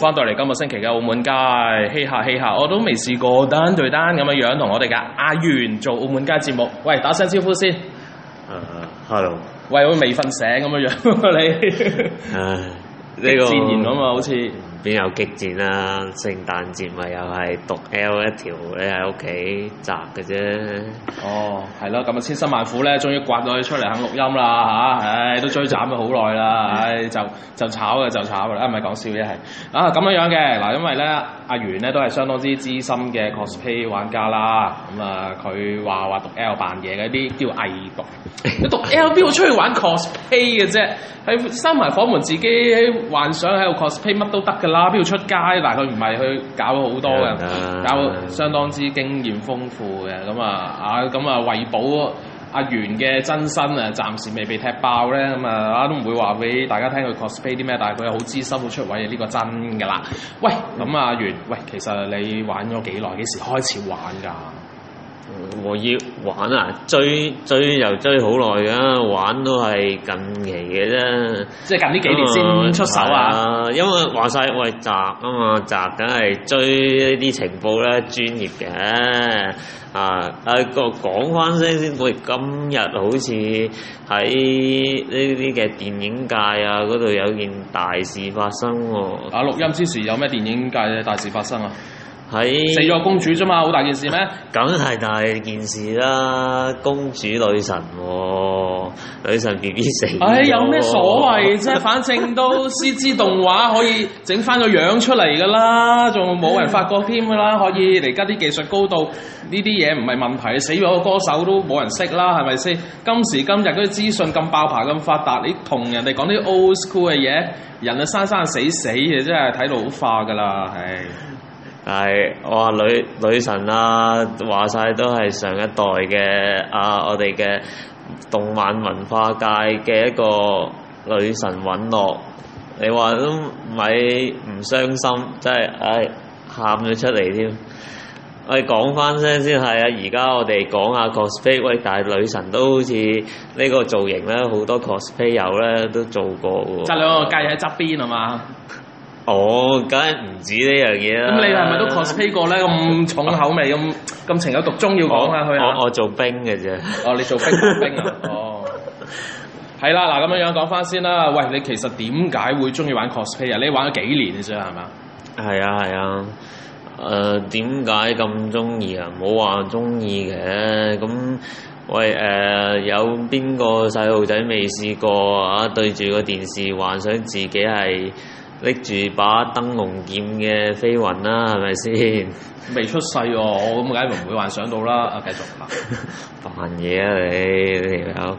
翻到嚟今個星期嘅澳門街，嘻下嘻下，我都未試過單對單咁嘅樣同我哋嘅阿源做澳門街節目。喂，打聲招呼先。誒、uh, hello。喂，我未瞓醒咁嘅樣，你。誒、 uh,，呢、這個。自然咁啊，好似。邊有激戰啊？聖誕節咪又係讀 L 一條，你喺屋企宅嘅啫。哦，係咯，咁啊千辛萬苦咧，終於刮咗佢出嚟肯錄音啦吓！唉、啊哎，都追斬咗好耐啦，唉、 哎，就就炒嘅就炒嘅啦，唔係講笑嘅係。啊，咁、啊、樣樣嘅嗱，因為咧阿源咧都係相當之資深嘅 cosplay 玩家啦。咁啊，佢話話讀 L 扮嘢嘅啲叫偽毒。讀 毒 L 邊會出去玩 cosplay 嘅啫？喺閂埋房門，自己幻想喺度 cosplay 乜都得㗎。啦，都要出街，但係佢唔係去搞好多嘅，嗯嗯、搞相當之經驗豐富嘅，咁啊啊，咁啊為保阿源嘅真身啊，暫時未被踢爆咧，咁啊啊都唔會話俾大家聽佢 cosplay 啲咩，但係佢又好資深好出位啊，呢、呢個真嘅啦。喂，咁阿源，喂，其實你玩咗幾耐？幾時開始玩噶？我要玩啊！追追又追好耐㗎，玩都係近期嘅啫。即係近呢幾年先出手啊！啊啊因為話晒我係宅啊嘛，宅梗係追呢啲情報咧，專業嘅啊啊！講講翻聲先，我、啊、哋今日好似喺呢啲嘅電影界啊，嗰度有件大事發生喎！啊錄音之時有咩電影界嘅大事發生啊？啊是死咗公主啫嘛，好大件事咩？梗係大件事啦，啊，公主女神、啊，女神 B B 死、啊。哎，有咩所謂啫，啊？ 反正都 C G 動畫可以整翻個樣出嚟噶啦，仲冇人發覺添噶啦，嗯、可以嚟緊啲技術高到，呢啲嘢唔係問題，死咗個歌手都冇人識啦，係咪先？今時今日嗰啲資訊咁爆棚咁發達，你同人哋講啲 old school 嘅嘢，人啊生生死死嘅，真係睇到好化噶啦，唉。我話女女神啊，話晒都係上一代嘅啊，我哋嘅動漫文化界嘅一個女神隕落，你話都唔係唔傷心，真係唉，喊咗出嚟添。我哋講翻聲先係啊，而家我哋講下 cosplay，喂，但係女神都好似呢個造型咧，好多 cosplay 友咧都做過喎。側兩個雞喺側邊啊嘛？哦，梗係唔止是是呢樣嘢啦！咁你係咪都 cosplay 過咧？咁重口味，咁咁 情有獨鍾要講下佢啊！我我做兵嘅啫。哦，你做兵啊兵啊！ 哦，係啦、啊，嗱咁樣樣講翻先啦。喂，你其實點解會中意玩 cosplay 啊？你玩咗幾年嘅啫，係嘛？係啊係啊。誒、呃，點解咁中意啊？唔好話中意嘅。咁喂誒、呃，有邊個細路仔未試過啊？對住個電視幻想自己係。拎住把燈籠劍嘅飛雲啦、啊，係咪先？未出世喎、啊，我咁解唔會幻想到啦。啊，繼續扮嘢 啊你，條友。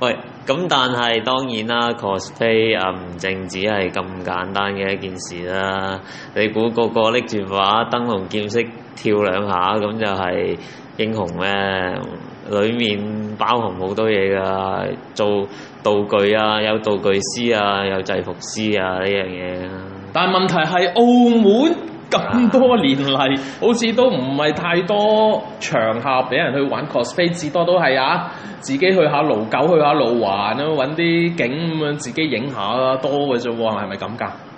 喂，咁但係當然啦，cosplay 啊唔淨只係咁簡單嘅一件事啦。你估個個拎住把燈籠劍識跳兩下咁就係英雄咩？裡面包含好多嘢㗎，做道具啊，有道具師啊，有制服師啊，呢樣嘢。啊、但係問題係澳門咁多年嚟， 好似都唔係太多場合俾人去玩 cosplay，至多都係啊，自己去下盧九，去下路環啊，揾啲景咁樣自己影下啦，多嘅啫喎，係咪咁㗎？是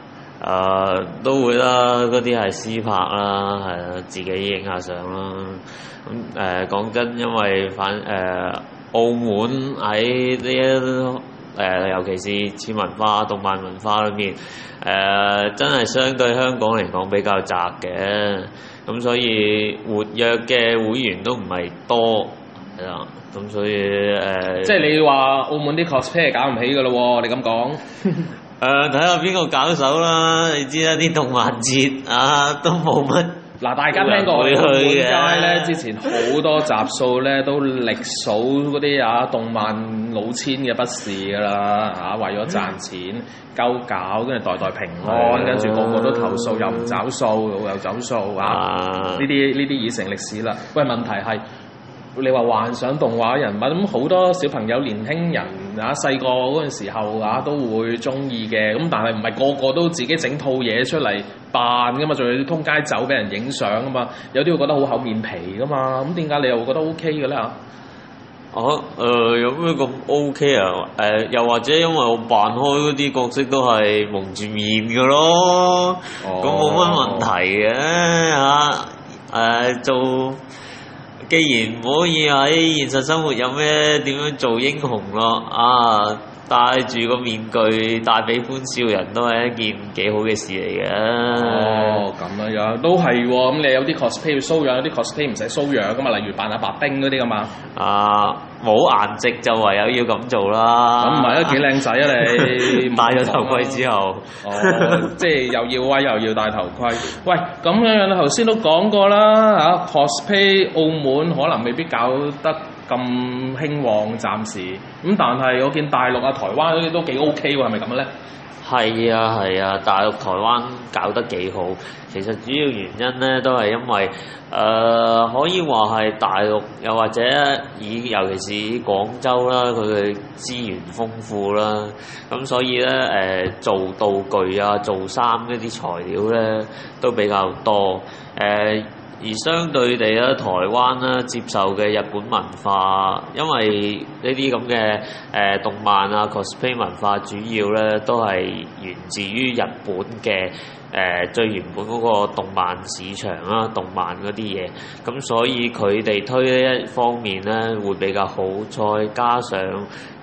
誒、呃、都會啦，嗰啲係私拍啦，係啊，自己影下相啦。咁誒講真，呃、因為反誒、呃、澳門喺呢一誒，尤其是次文化、動漫文化裏面，誒、呃、真係相對香港嚟講比較窄嘅。咁、嗯、所以活躍嘅會員都唔係多，係啊。咁、嗯、所以誒，呃、即係你話澳門啲 cosplay 係搞唔起㗎咯？你咁講。 誒，睇下邊個搞手啦！你知啦，啲動漫節啊都冇乜。嗱，大家聽過澳門街咧， 之前好多集數咧都力數嗰啲啊動漫老千嘅不是噶啦嚇，為咗賺錢鳩搞，跟住、嗯、代代平安，跟住個個都投訴，又唔找數又走數啊！呢啲呢啲已成歷史啦。喂，問題係你話幻想動畫人物咁好多小朋友年輕人。啊！細個嗰陣時候啊，都會中意嘅咁，但係唔係個個都自己整套嘢出嚟扮噶嘛？仲要通街走俾人影相噶嘛？有啲會覺得好厚面皮噶嘛？咁點解你又會覺得 OK 嘅咧？嚇、啊？誒有咩咁 OK 啊？誒、呃，又或者因為我扮開嗰啲角色都係蒙住面嘅咯，咁冇乜問題嘅嚇誒做。既然唔可以喺現實生活有咩點樣做英雄咯，啊！戴住個面具，戴俾歡笑人都係一件幾好嘅事嚟嘅。哦，咁樣樣、啊、都係喎、啊。咁你有啲 cosplay 要騷養，有啲 cosplay 唔使騷養噶嘛？例如扮下白冰嗰啲噶嘛。啊，冇顏值就唯有要咁做啦。咁唔係都幾靚仔啊你！ 戴咗頭盔之後，嗯、即係又要威又要戴頭盔。 喂，咁樣樣你頭先都講過啦嚇、啊、cosplay 澳門可能未必搞得。咁興旺暫時咁，但係我見大陸啊、台灣嗰啲都幾 OK 喎，係咪咁呢？係啊，係啊，大陸、台灣搞得幾好。其實主要原因呢都係因為誒、呃，可以話係大陸，又或者以尤其是廣州啦，佢嘅資源豐富啦，咁所以呢，誒、呃，做道具啊、做衫呢啲材料呢都比較多誒。呃而相對地咧，台灣咧接受嘅日本文化，因為呢啲咁嘅誒，動漫啊、cosplay 文化，主要咧都係源自於日本嘅。誒最原本嗰個動漫市場啊，動漫嗰啲嘢，咁所以佢哋推呢一方面咧會比較好，再加上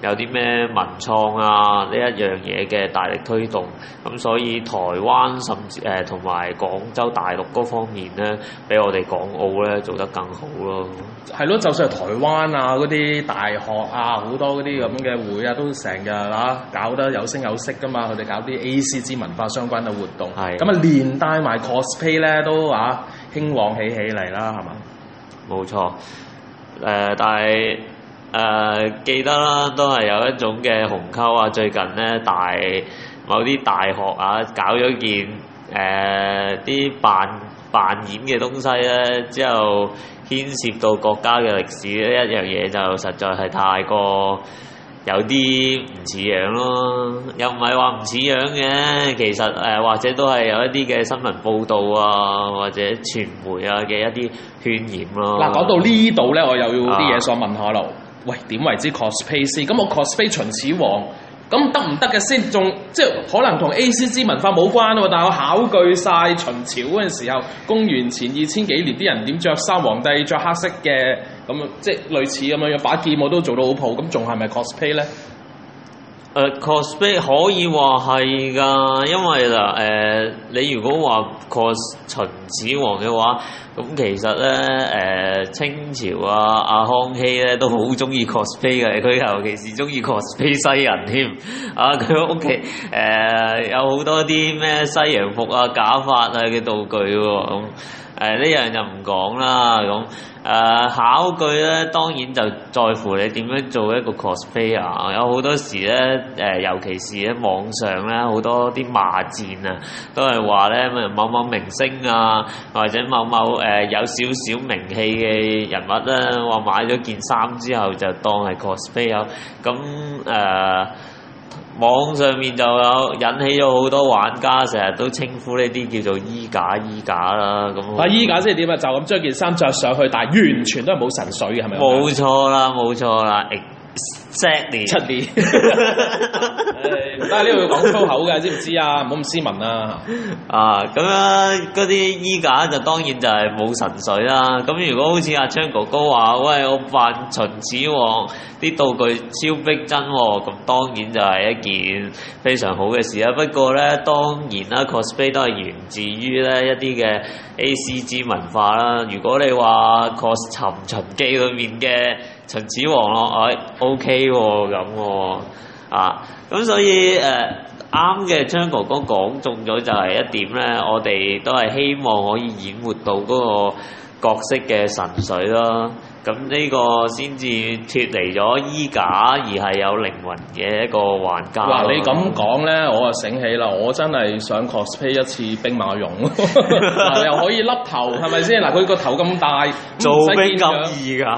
有啲咩文創啊呢一樣嘢嘅大力推動，咁所以台灣甚至誒同埋廣州大陸嗰方面咧，比我哋港澳咧做得更好咯。係咯，就算係台灣啊嗰啲大學啊，好多嗰啲咁嘅會啊，都成日啦搞得有聲有色噶嘛，佢哋搞啲 ACG 文化相關嘅活動係。咁啊，連帶埋 cosplay 咧都啊興旺起起嚟啦，係嘛？冇錯，誒、呃，但係誒、呃、記得啦，都係有一種嘅鴻溝啊！最近咧大某啲大學啊，搞咗件誒啲、呃、扮扮演嘅東西咧，之後牽涉到國家嘅歷史呢，一樣嘢，就實在係太過。有啲唔似樣咯，又唔係話唔似樣嘅，其實誒、呃、或者都係有一啲嘅新聞報導啊，或者傳媒啊嘅一啲渲染咯。嗱、啊，講到呢度咧，我又要啲嘢想問下啦。啊、喂，點為之 cosplay 先？咁我 cosplay 秦始皇。咁得唔得嘅先？仲即係可能同 ACG 文化冇關咯。但係我考據晒秦朝嗰陣時候，公元前二千幾年啲人點着衫，皇帝着黑色嘅，咁，即係類似咁樣樣，把劍我都做到好蒲，咁仲係咪 cosplay 咧？誒、uh, cosplay 可以話係㗎，因為嗱誒、呃，你如果話 cos 秦始皇嘅話，咁其實咧誒、呃、清朝啊阿康熙咧都好中意 cosplay 嘅，佢尤其是中意 cosplay 西人添，啊佢屋企誒有好多啲咩西洋服啊假髮啊嘅道具喎、啊、咁。嗯誒呢、呃、樣就唔講啦咁，誒、呃、考據咧當然就在乎你點樣做一個 cosplay 啊！有好多時咧，誒、呃、尤其是喺網上咧，好多啲罵戰啊，都係話咧，某某明星啊，或者某某誒、呃、有少少名氣嘅人物咧，話買咗件衫之後就當係 cosplay 咯，咁、呃、誒。網上面就有引起咗好多玩家，成日都稱呼呢啲叫做衣架、衣架、啊衣架啦。咁，啊衣架即係點啊？就咁將件衫着上去，但係完全都係冇神水嘅，係咪？冇錯啦，冇錯啦。欸。Sandy 七年，但係呢度講粗口嘅，知唔知啊？唔好咁斯文啊！啊，咁樣嗰啲衣架就當然就係冇神髓啦。咁如果好似阿鏘哥哥話：喂，我扮秦始皇，啲道具超逼真喎、哦。咁當然就係一件非常好嘅事啊。不過咧，當然啦、啊、，cosplay 都係源自於咧一啲嘅 ACG 文化啦。如果你話 cos 尋秦記裏面嘅，秦始皇咯，哎，OK 喎，咁喎，啊，咁、okay 哦哦啊、所以誒，啱、呃、嘅張哥哥講中咗就係一點咧，我哋都係希望可以演活到嗰、那個。角色嘅神水啦髓。咁呢個先至脱離咗衣架，而係有靈魂嘅一個環節。嗱，你咁講咧，我就醒起啦，我真係想 cosplay 一次兵馬俑， 又可以甩頭，係咪先？嗱，佢個頭咁大，做，做兵咁易㗎？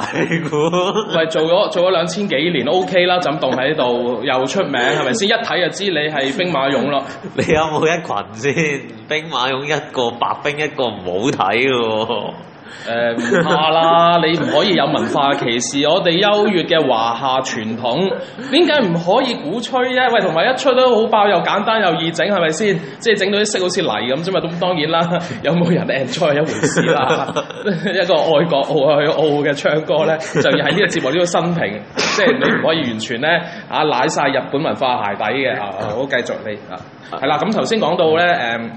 唔 係做咗做咗兩千幾年，OK 啦，枕棟喺度又出名，係咪先？ 一睇就知你係兵馬俑咯。 你有冇一群先？兵 馬俑一個白兵一個唔好睇喎。誒，唔、呃、怕啦，你唔可以有文化歧視我哋優越嘅華夏傳統。點解唔可以鼓吹咧？喂，同埋一吹都好爆，又簡單又易整，係咪先？即係整到啲色好似泥咁啫嘛。咁當然啦，有冇人 enjoy 一回事啦、啊。 一個愛國愛去澳嘅唱歌咧，就要喺呢個節目呢個新平，即、就、係、是、你唔可以完全咧啊，踩曬日本文化鞋底嘅啊！好，繼續你啊，係啦。咁頭先講到咧，誒、嗯。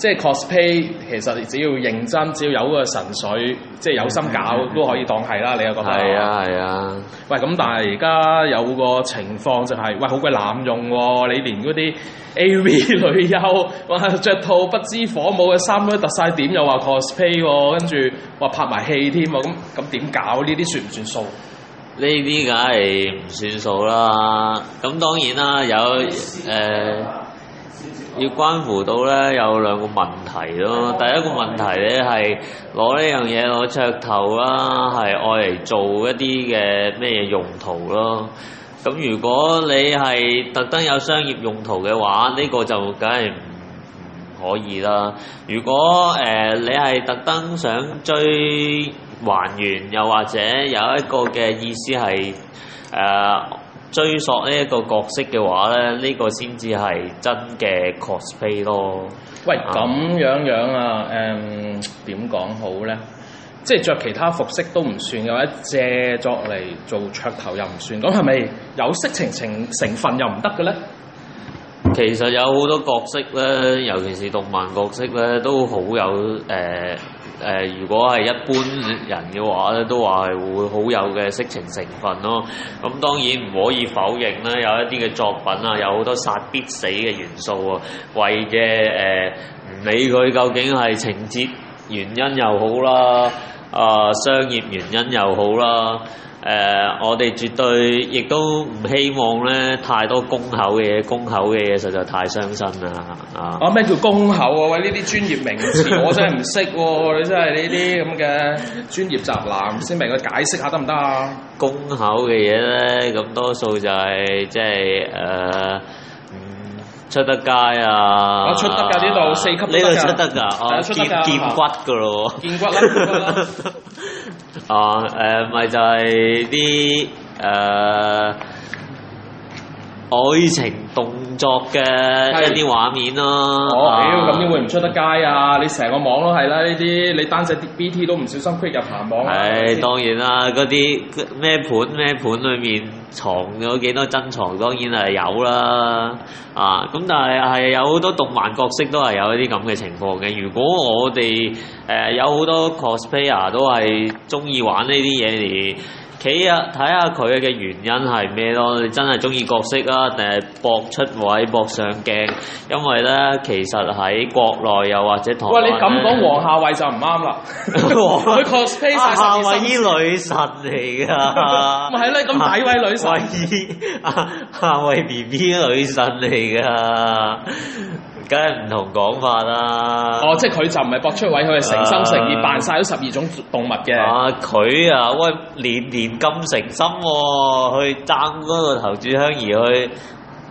即係 cosplay，其實只要認真，只要有個神髓，即係有心搞 都可以當係啦。你又覺得係啊？係啊！ 喂，咁但係而家有個情況就係、是，喂好鬼濫用喎！你連嗰啲 AV 女優，哇著套不知火舞嘅衫都突晒點又 cosplay，又話 cosplay 喎，跟住話拍埋戲添喎，咁咁點搞？呢啲算唔算數？呢啲梗係唔算數啦。咁當然啦，有誒。是要關乎到咧有兩個問題咯，第一個問題咧係攞呢樣嘢攞噱頭啦，係愛嚟做一啲嘅咩用途咯。咁如果你係特登有商業用途嘅話，呢個就梗係唔可以啦。如果誒、呃、你係特登想追還原，又或者有一個嘅意思係誒。呃追溯呢一個角色嘅話咧，呢個先至係真嘅 cosplay 咯。喂，咁樣樣啊，誒點講好咧？即係著其他服飾都唔算嘅話，借作嚟做噱頭又唔算。咁係咪有色情成成分又唔得嘅咧？其實有好多角色咧，尤其是動漫角色咧，都好有誒。呃誒、呃，如果係一般人嘅話咧，都話係會好有嘅色情成分咯、啊。咁、嗯、當然唔可以否認啦、啊。有一啲嘅作品啊，有好多殺必死嘅元素喎、啊。為嘅誒，唔、呃、理佢究竟係情節原因又好啦、啊，啊、呃，商業原因又好啦、啊。誒，我哋絕對亦都唔希望咧太多工口嘅嘢，工口嘅嘢實在太傷身啦！啊，咩叫工口啊？喂，呢啲專業名詞我真係唔識喎！你真係呢啲咁嘅專業宅男，先明佢解釋下得唔得啊？工口嘅嘢咧，咁多數就係即係誒出得街啊！我出得噶呢度四級，呢度出得噶哦，劍劍骨噶咯，劍骨啦。哦，誒，咪就係啲誒，愛情動作嘅一啲畫面咯，屌咁點會唔出得街啊？你成個網都係啦，啊，呢啲你單隻啲 BT 都唔小心闢入行網啦，啊。係是當然啦，啊，嗰啲咩盤咩盤裡面藏咗幾多珍藏，當然係有啦，啊。啊，咁但係係有好多動漫角色都係有一啲咁嘅情況嘅。如果我哋誒、呃、有好多 cosplayer 都係鍾意玩呢啲嘢嚟。企啊！睇下佢嘅原因係咩咯？你真係中意角色啊，定係搏出位、搏上鏡？因為咧，其實喺國內又或者同。喂，你咁講王夏慧就唔啱 啦，佢確實 cosplay 女神嚟噶，咪係咯？咁大位女神、啊啊，夏夏慧 B B 女神嚟噶。 梗係唔同講法啦、啊！哦，即係佢就唔係博出位，佢係 誠心誠意 扮晒咗十二種動物嘅。啊，佢啊，喂、啊，年年咁誠心去爭嗰個頭炷香，而去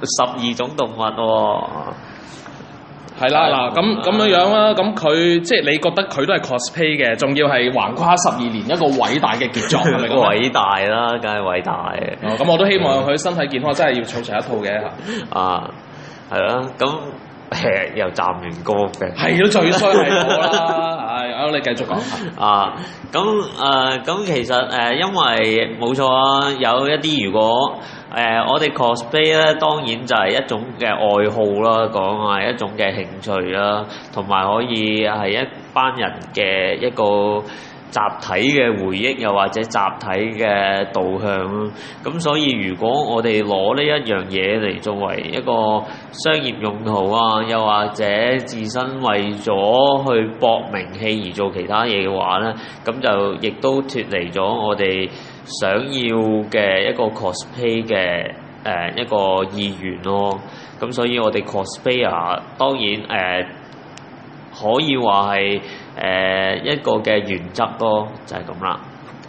十二種動物喎。係啦，嗱咁咁樣樣啦，咁佢即係你覺得佢都係 cosplay 嘅，仲要係橫跨十二年一個偉大嘅傑作。係咪？ 偉大啦，梗係偉大。哦，咁我都希望佢身體健康，真係要儲齊一套嘅。 啊，係啦，咁。 誒、嗯、又站完歌嘅，係都最衰係我啦！唉，好。你繼續講啊。咁誒咁其實誒、呃，因為冇錯啊，有一啲如果誒、呃，我哋 cosplay 咧，當然就係一種嘅愛好啦，講係一種嘅興趣啦，同埋可以係一班人嘅一個。集體嘅回憶又或者集體嘅導向咯，咁所以如果我哋攞呢一樣嘢嚟作為一個商業用途啊，又或者自身為咗去搏名氣而做其他嘢嘅話咧，咁就亦都脫離咗我哋想要嘅一個 cosplay 嘅誒一個意願咯。咁所以我哋 cosplay 啊，當然誒、呃、可以話係。誒一個嘅原則咯，就係咁啦。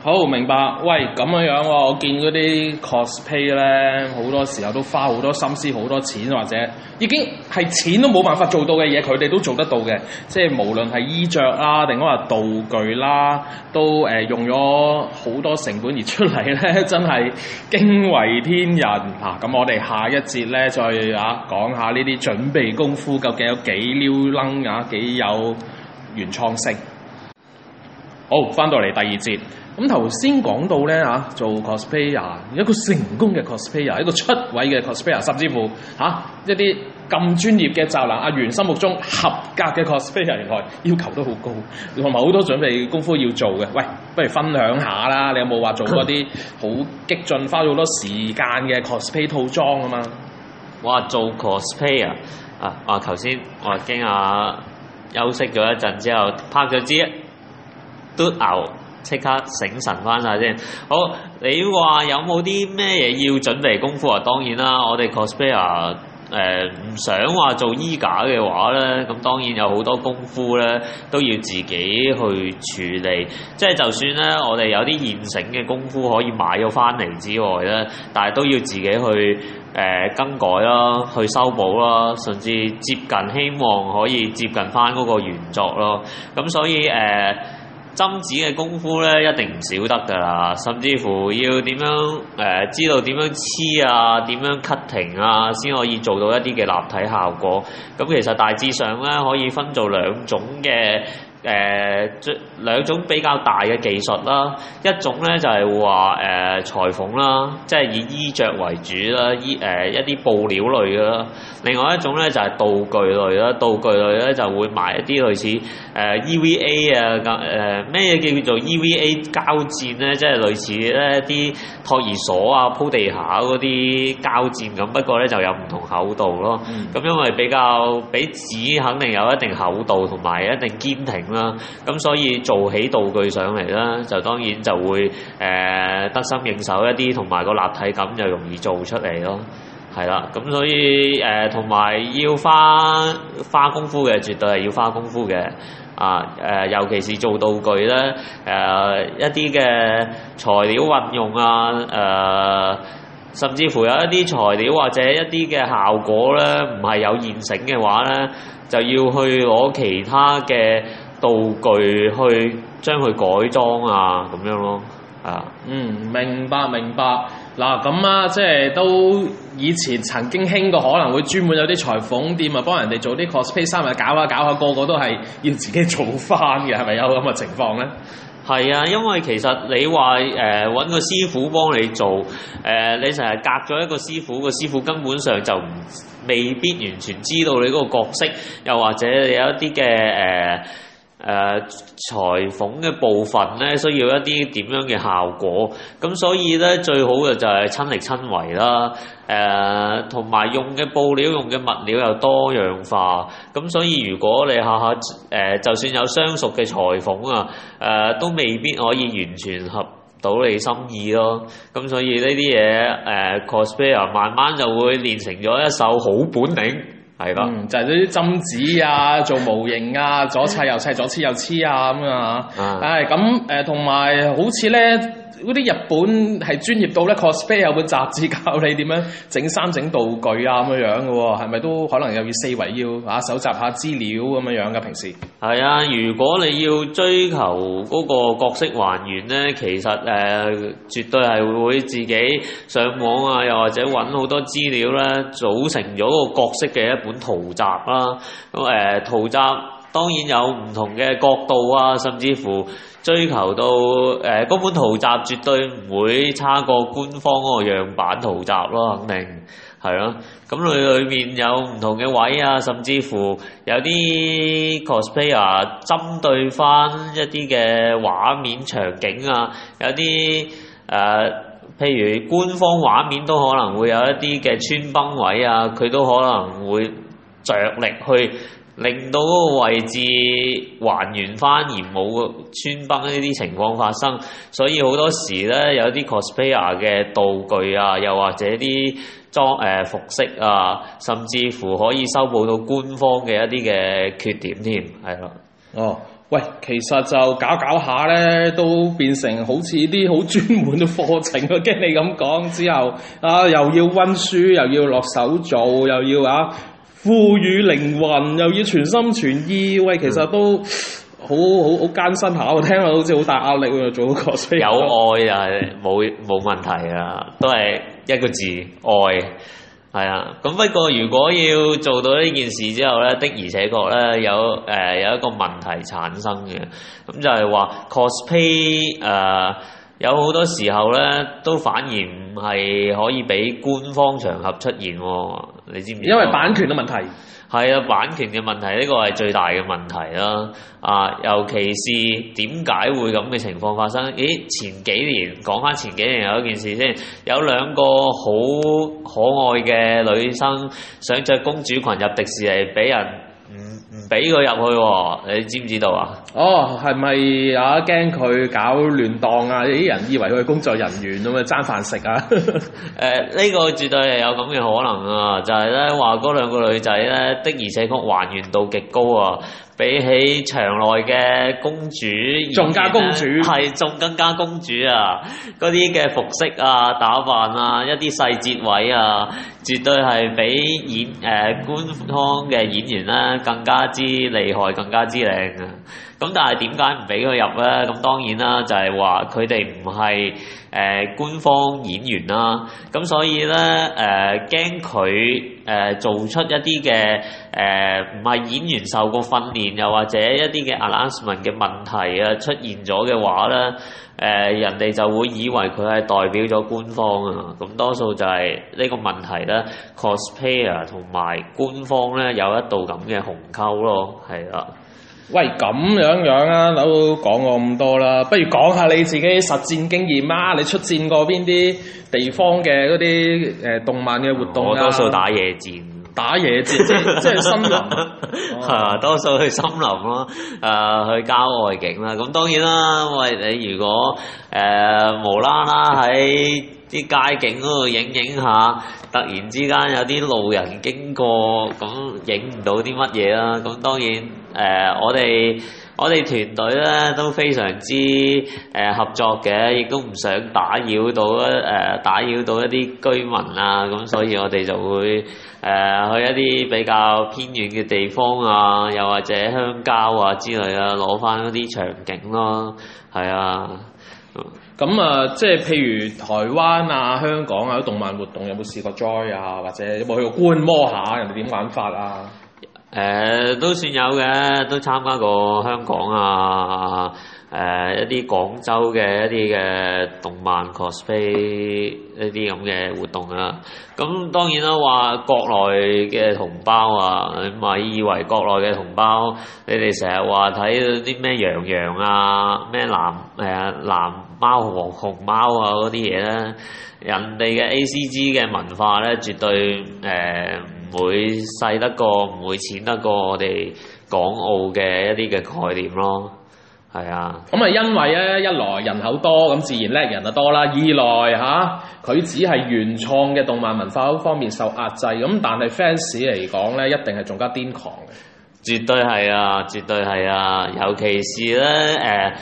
好明白，喂，咁樣樣我見嗰啲 cosplay 咧，好多時候都花好多心思、好多錢，或者已經係錢都冇辦法做到嘅嘢，佢哋都做得到嘅。即係無論係衣着啦，定講話道具啦，都誒用咗好多成本而出嚟咧，真係驚為天人嗱。咁我哋下一節咧，再啊講下呢啲準備功夫究竟有幾溜楞啊，幾有？原創性好，好翻到嚟第二節。咁頭先講到咧嚇，做 cosplayer 一個成功嘅 cosplayer，一個出位嘅 cosplayer，甚至乎嚇、啊、一啲咁專業嘅宅男，阿、啊、源心目中合格嘅 cosplayer 原來要求都好高，同埋好多準備功夫要做嘅。喂，不如分享下啦，你有冇話做過啲好激進、花咗好多時間嘅 cosplay 套裝啊？嘛，哇，做 cosplayer 啊啊！頭先我話驚啊！休息咗一陣之後，拍咗支嘟牛，即刻醒神翻曬先。好，你話有冇啲咩嘢要準備功夫啊？當然啦，我哋 cosplayer。誒唔、呃、想話做衣假嘅話咧，咁當然有好多功夫咧，都要自己去處理。即係就算咧，我哋有啲現成嘅功夫可以買咗翻嚟之外咧，但係都要自己去誒、呃、更改咯，去修補咯，甚至接近希望可以接近翻嗰個原作咯。咁所以誒、呃針子嘅功夫咧，一定唔少得㗎啦，甚至乎要點樣誒、呃，知道點樣黐啊，點樣 cutting 啊，先可以做到一啲嘅立體效果。咁其實大致上咧，可以分做兩種嘅。誒，兩、呃、種比較大嘅技術啦，一種咧就係話誒裁縫啦，即係以衣着為主啦，衣誒、呃、一啲布料類嘅啦，另外一種咧就係、是、道具類啦，道具類咧就會買一啲類似誒、呃、EVA 啊，誒咩嘢叫做 EVA 膠墊咧？即係類似咧啲托兒所啊鋪地下嗰啲膠墊咁，不過咧就有唔同厚度咯。咁、嗯、因為比較比紙肯定有一定厚度同埋一定堅挺。啦，咁所以做起道具上嚟咧，就當然就會誒、呃、得心應手一啲，同埋個立體感就容易做出嚟咯，係啦。咁所以誒同埋要花花功夫嘅，絕對係要花功夫嘅啊誒、呃，尤其是做道具咧誒、呃、一啲嘅材料運用啊誒、呃，甚至乎有一啲材料或者一啲嘅效果咧，唔係有現成嘅話咧，就要去攞其他嘅道具去將佢改裝啊，咁樣咯啊。嗯，明白明白。嗱咁啊，即係都以前曾經興過，可能會專門有啲裁縫店啊，幫人哋做啲 cosplay 衫啊，搞下搞下，個個都係要自己做翻嘅，係咪有咁嘅情況咧？係啊，因為其實你話誒揾個師傅幫你做誒、呃，你成日隔咗一個師傅，呢個師傅根本上就唔未必完全知道你嗰個角色，又或者有一啲嘅誒。呃誒、呃、裁縫嘅部分咧，需要一啲點樣嘅效果，咁所以咧最好嘅就係親力親為啦。誒同埋用嘅布料、用嘅物料又多樣化，咁所以如果你下下誒、呃、就算有相熟嘅裁縫啊，誒、呃、都未必可以完全合到你心意咯。咁所以呢啲嘢誒、呃，cosplayer 慢慢就會練成咗一手好本領。係咯是、嗯，就係啲針紙啊，做模型啊，左砌右砌，左黐右黐啊咁樣嚇。唉、嗯哎，咁誒同埋好似咧。嗰啲日本係專業到咧，cosplay 有本雜誌教你點樣整衫整道具啊咁樣樣嘅喎，係咪都可能又要四圍要啊蒐集下資料咁樣樣嘅平時？係啊，如果你要追求嗰個角色還原咧，其實誒、呃、絕對係會自己上網啊，又或者揾好多資料啦，組成咗個角色嘅一本圖集啦、啊。咁、呃、誒圖集當然有唔同嘅角度啊，甚至乎。追求到誒，嗰、本圖集絕對唔會差過官方嗰個樣板圖集咯，肯定係咯。咁、啊、裏面有唔同嘅位啊，甚至乎有啲 cosplayer 針對翻一啲嘅畫面場景啊，有啲誒、呃、譬如官方畫面都可能會有一啲嘅穿崩位啊，佢都可能會着力去。令到嗰個位置還原翻，而冇穿崩呢啲情況發生，所以好多時咧有啲 cosplayer 嘅道具啊，又或者啲裝誒、呃、服飾啊，甚至乎可以修補到官方嘅一啲嘅缺點添，係咯。哦，喂，其實就搞搞下咧，都變成好似啲好專門嘅課程咯，啊，經你咁講之後，啊又要溫書，又要落手做，又要啊～賦予靈魂，又要全心全意，喂，其實都好好好艱辛下，我聽落好似好大壓力喎，做 cosplay。有愛就係冇冇問題啊，都係一個字愛，係啊。咁不過如果要做到呢件事之後咧，的而且確咧有誒、呃、有一個問題產生嘅，咁就係話 cosplay 誒、呃、有好多時候咧都反而唔係可以俾官方場合出現喎。你知知？唔，因為版權嘅問題，係啊，版權嘅問題呢，這個係最大嘅問題啦。啊，尤其是點解會咁嘅情況發生？咦，前幾年講翻前幾年有一件事先，有兩個好可愛嘅女生想着公主裙入迪士尼，俾人唔唔俾佢入去喎，哦。你知唔知道啊？哦，係咪啊？驚佢搞亂檔啊！啲人以為佢係工作人員咁啊，爭飯食啊！誒，呢個絕對係有咁嘅可能啊！就係、是、咧，話嗰兩個女仔咧的而且確還原度極高啊！比起場內嘅公，公主，仲加公主係仲更加公主啊！嗰啲嘅服飾啊、打扮啊、一啲細節位啊，絕對係比演誒、呃、官方嘅演員啦更加之厲害，更加之靚啊！咁但係點解唔俾佢入呢？咁當然啦，就係話佢哋唔係誒官方演員啦、啊。咁所以呢，誒、呃，驚佢誒做出一啲嘅誒唔係演員受過訓練，又或者一啲嘅 announcement 嘅問題啊出現咗嘅話呢誒、呃、人哋就會以為佢係代表咗官方啊。咁多數就係呢個問題呢，cosplayer 同埋官方呢有一道咁嘅鴻溝咯，係啊。喂，咁樣樣、啊、啦，嗯、都講過咁多啦，不如講下你自己實戰經驗啊！你出戰過邊啲地方嘅嗰啲誒動漫嘅活動啊？我多數打野戰。打野戰 即係森林，係啊，多數去森林咯，誒、呃、去郊外景啦。咁當然啦，喂你如果誒、呃、無啦啦喺啲街景嗰度影影下，突然之間有啲路人經過，咁影唔到啲乜嘢啦。咁當然誒、呃，我哋。我哋團隊咧都非常之誒、呃、合作嘅，亦都唔想打擾到一誒、呃、打擾到一啲居民啊，咁、嗯、所以我哋就會誒、呃、去一啲比較偏遠嘅地方啊，又或者鄉郊啊之類啦，攞翻嗰啲場景咯。係啊，咁啊，嗯呃、即係譬如台灣啊、香港啊啲動漫活動，有冇試過 join 啊？或者有冇去過觀摩下人哋點玩法啊？誒、呃、都算有嘅，都參加過香港啊，誒、呃、一啲廣州嘅一啲嘅動漫 cosplay 一啲咁嘅活動啊。咁、嗯、當然啦，話國內嘅同胞啊，咪以為國內嘅同胞，你哋成日話睇啲咩羊羊啊，咩藍誒、呃、藍貓和熊貓啊嗰啲嘢咧，人哋嘅 A C G 嘅文化咧，絕對誒。呃唔會細得過，唔會淺得過我哋港澳嘅一啲嘅概念咯。係啊，咁啊，因為咧，一來人口多，咁自然叻人就多啦；二來嚇，佢、啊、只係原創嘅動漫文化嗰方面受壓制，咁但係 fans 嚟講咧，一定係仲加癲狂嘅。絕對係啊，絕對係啊，尤其是咧誒。呃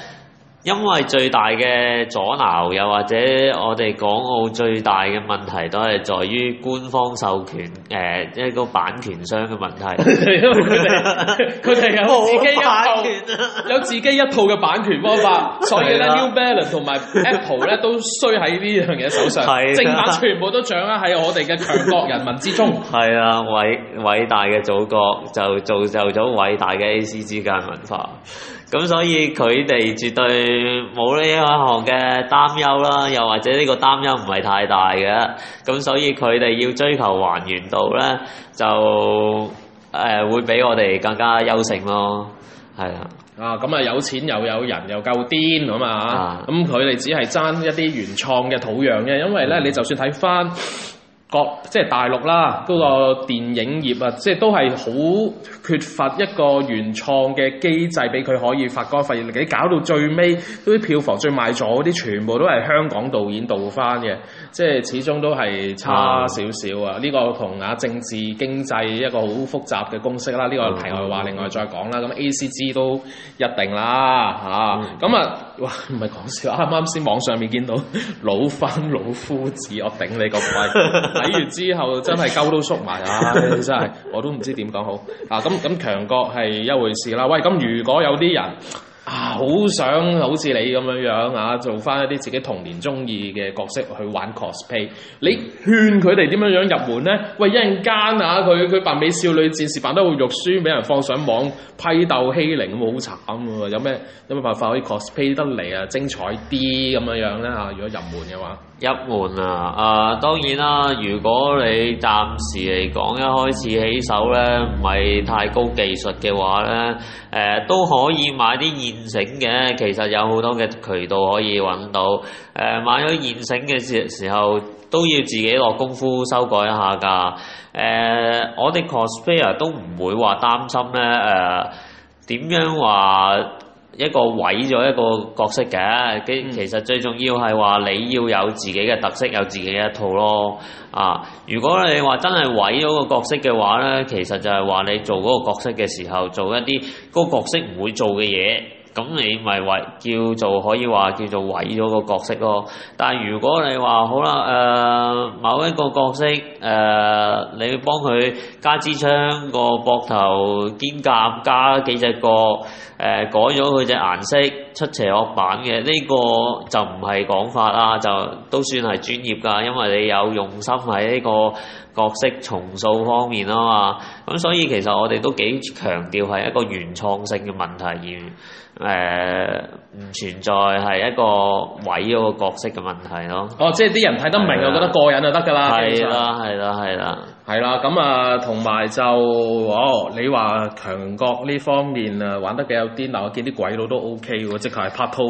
因為最大嘅阻撓，又或者我哋港澳最大嘅問題，都係在於官方授權，誒、呃、一個版權商嘅問題。佢哋佢哋有自己一套 有自己一套嘅版權方法， 所以咧的，New Balance 同埋 Apple 咧都衰喺呢樣嘢手上，的正版全部都掌握喺我哋嘅強國人民之中。係啊，偉偉大嘅祖國就造就咗偉大嘅 AC 之間文化。咁所以佢哋絕對冇呢一行嘅擔憂啦，又或者呢個擔憂唔係太大嘅。咁所以佢哋要追求還原度咧，就誒、呃、會比我哋更加優勝咯。係啊，啊咁啊有錢又有人又夠癲咁啊，咁佢哋只係爭一啲原創嘅土壤嘅，因為咧、嗯、你就算睇翻。各即係大陸啦，嗰、那個電影業啊，即係都係好缺乏一個原創嘅機制俾佢可以發光發熱力。你搞到最尾，嗰啲票房最賣座嗰啲，全部都係香港導演導翻嘅，即係始終都係差少少啊！呢、這個同啊政治經濟一個好複雜嘅公式啦，呢、這個題外話，另外再講啦。咁 A C G 都一定啦嚇，咁、嗯、啊。哇！唔係講笑，啱啱先網上面見到老翻老夫子，我頂你個肺！睇 完之後真係鳩都縮埋、哎、啊！真係我都唔知點講好啊！咁咁強國係一回事啦。喂，咁如果有啲人～啊，想好想好似你咁樣樣嚇、啊，做翻一啲自己童年中意嘅角色去玩 cosplay。你勸佢哋點樣樣入門呢？喂，一陣間嚇佢佢扮美少女戰士扮得好肉酸，俾人放上網批鬥欺凌，咁好慘喎、啊！有咩有咩辦法可以 cosplay 得嚟啊？精彩啲咁樣樣呢？嚇、啊，如果入門嘅話，入門啊，啊、呃、當然啦、啊，如果你暫時嚟講一開始起手呢，唔係太高技術嘅話呢，誒、呃、都可以買啲現現成嘅，其實有好多嘅渠道可以揾到。誒、呃、買咗現成嘅時時候，都要自己落功夫修改一下㗎。誒、呃，我哋 Cosplayer 都唔會話擔心呢，誒、點樣話一個毀咗一個角色嘅？其實最重要係話你要有自己嘅特色，有自己一套咯。啊，如果你話真係毀咗個角色嘅話呢，其實就係話你做嗰個角色嘅時候，做一啲嗰個角色唔會做嘅嘢。咁你咪為叫做可以話叫做毀咗個角色咯。但係如果你話好啦，誒、呃、某一個角色，誒、呃，你幫佢加支槍個膊頭肩甲加幾隻角，誒、呃，改咗佢只顏色。出邪惡版嘅呢，這個就唔係講法啦，就都算係專業㗎，因為你有用心喺呢個角色重塑方面啊嘛。咁所以其實我哋都幾強調係一個原創性嘅問題，而誒唔，呃、存在係一個毀嗰個角色嘅問題咯。哦，即係啲人睇得明，的我覺得過癮就得㗎啦。係啦的，係啦錯，係啦。係啦，咁啊，同埋就，哦，你話強國呢方面啊，玩得幾有癲。嗱，OK，我見啲鬼佬都 O K 喎，即係拍套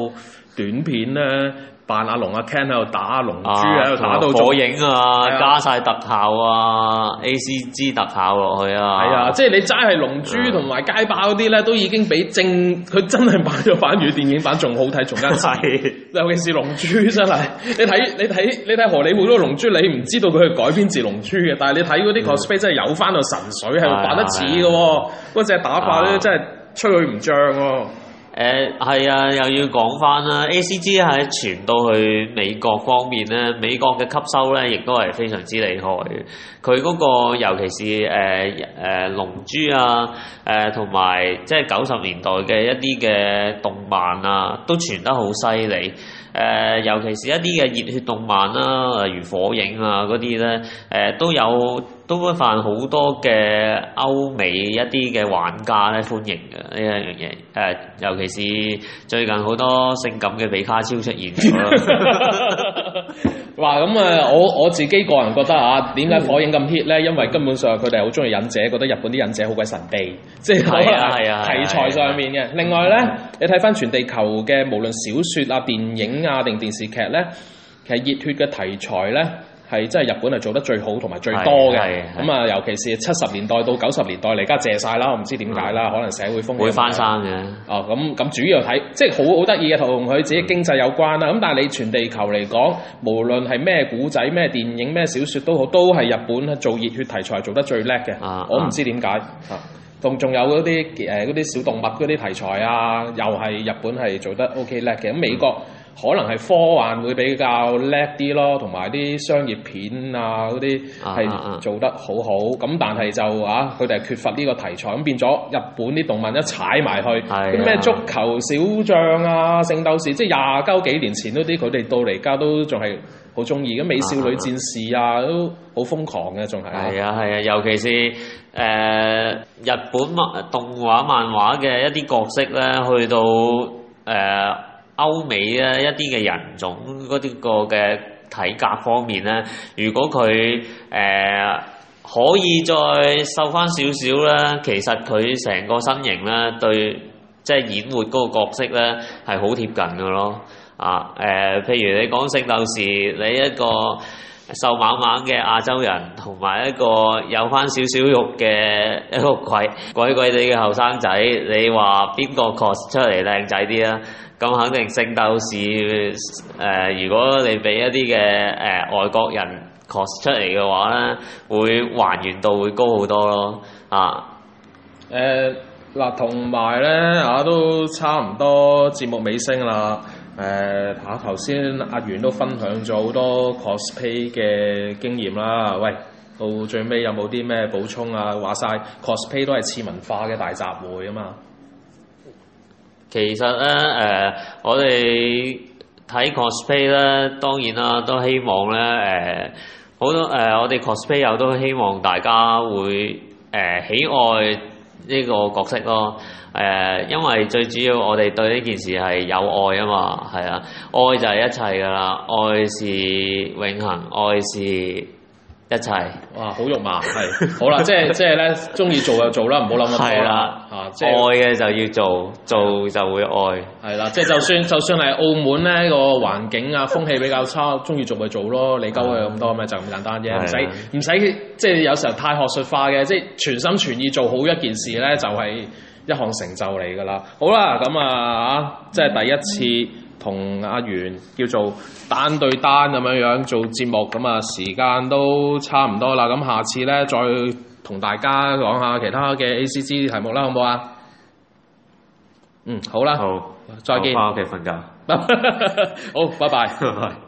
短片咧。扮阿龍阿 Ken 喺度打龍珠喺度打到火影啊，加晒特效啊，A C G 特效落去啊！係啊，即係你齋係龍珠同埋街霸嗰啲咧，都已經比正佢真係扮咗反宇宙電影版仲好睇，仲加細。尤其是龍珠真係，你睇你睇你睇荷里活嗰個龍珠，你唔知道佢係改編自龍珠嘅，但係你睇嗰啲 cosplay 真係有翻到神髓，係扮得似嘅。嗰隻打法咧真係吹佢唔脹喎。誒係、欸、啊，又要講翻啦。ACG 係傳到去美國方面咧，美國嘅吸收咧，亦都係非常之厲害嘅。佢嗰、那個尤其是誒誒、呃呃、龍珠啊，誒同埋即係九十年代嘅一啲嘅動漫啊，都傳得好犀利。誒、呃，尤其是一啲嘅熱血動漫啦、啊，例如火影啊嗰啲咧，誒、呃、都有都會發現好多嘅歐美一啲嘅玩家咧，歡迎嘅呢一樣嘢。誒、呃，尤其是最近好多性感嘅比卡超出現。 嗱咁啊，我我自己個人覺得啊，點解火影咁 hit 咧？因為根本上佢哋好中意忍者，覺得日本啲忍者好鬼神秘，即係係啊係啊題材上面嘅。另外咧，你睇返全地球嘅無論小説啊、電影啊定電視劇咧，其實熱血嘅題材咧。係真係日本係做得最好同埋最多嘅，咁啊、嗯，尤其是七十年代到九十年代嚟，家謝晒啦，我唔知點解啦，嗯、可能社會風氣會翻生嘅。哦，咁咁主要睇，嗯、即係好好得意嘅，同佢自己經濟有關啦。咁、嗯嗯、但係你全地球嚟講，無論係咩古仔、咩電影、咩小説，都好都係日本做熱血題材做得最叻嘅。我唔知點解、啊。啊，同仲有啲誒嗰啲小動物嗰啲題材啊，又係日本係做得 OK 叻嘅。咁美國。嗯可能係科幻會比較叻啲咯，同埋啲商業片啊嗰啲係做得好好。咁、uh huh. 但係就啊，佢哋係缺乏呢個題材，咁變咗日本啲動漫一踩埋去，啲咩、uh huh. 足球小將啊、聖鬥士，即係廿九幾年前嗰啲，佢哋到嚟家都仲係好中意。咁美少女戰士啊，uh huh. 都好瘋狂嘅，仲係。係、uh huh. 啊係啊，尤其是誒、呃、日本漫動畫漫畫嘅一啲角色咧，去到誒。呃歐美咧一啲嘅人種嗰啲個嘅體格方面咧，如果佢誒、呃、可以再瘦翻少少咧，其實佢成個身形咧，對即係、就是、演活嗰個角色咧係好貼近嘅咯。啊誒，譬、呃、如你講聖鬥士，你一個瘦蜢蜢嘅亞洲人，同埋一個有翻少少肉嘅一個鬼鬼鬼哋嘅後生仔，你話邊個 cos 出嚟靚仔啲啊？咁肯定聖鬥士誒、呃，如果你俾一啲嘅誒外國人 cos 出嚟嘅話咧，會還原度會高好多咯啊、呃！誒嗱，同埋咧啊，都差唔多節目尾聲啦。誒、啊，吓頭先阿源都分享咗好多 cosplay 嘅經驗啦。喂，到最尾有冇啲咩補充啊？話晒 cosplay 都係次文化嘅大集會啊嘛～其實咧，誒、呃，我哋睇 cosplay 咧，當然啦，都希望咧，誒、呃，好多誒、呃，我哋 cosplay 友都希望大家會誒、呃，喜愛呢個角色咯，誒、呃，因為最主要我哋對呢件事係有愛啊嘛，係啊，愛就係一切㗎喇，愛是永恆，愛是。一齊哇，好肉麻係，好啦，即係即係咧，中意做就做啦，唔好諗咁多啦嚇。的啊、即愛嘅就要做，做就會愛。係啦，即係就算就算係澳門咧、個環境啊風氣比較差，中意做咪做咯，你鳩佢咁多咪的就咁簡單啫，唔使唔使即係有時候太學術化嘅，即係全心全意做好一件事咧，就係、是、一項成就嚟㗎啦。好啦，咁啊嚇，即係第一次。同阿源叫做單對單咁樣樣做節目，咁啊時間都差唔多啦。咁下次咧再同大家講下其他嘅 A C C 題目啦，好唔好啊？嗯，好啦，好，再見。翻屋企瞓覺。 好，拜拜。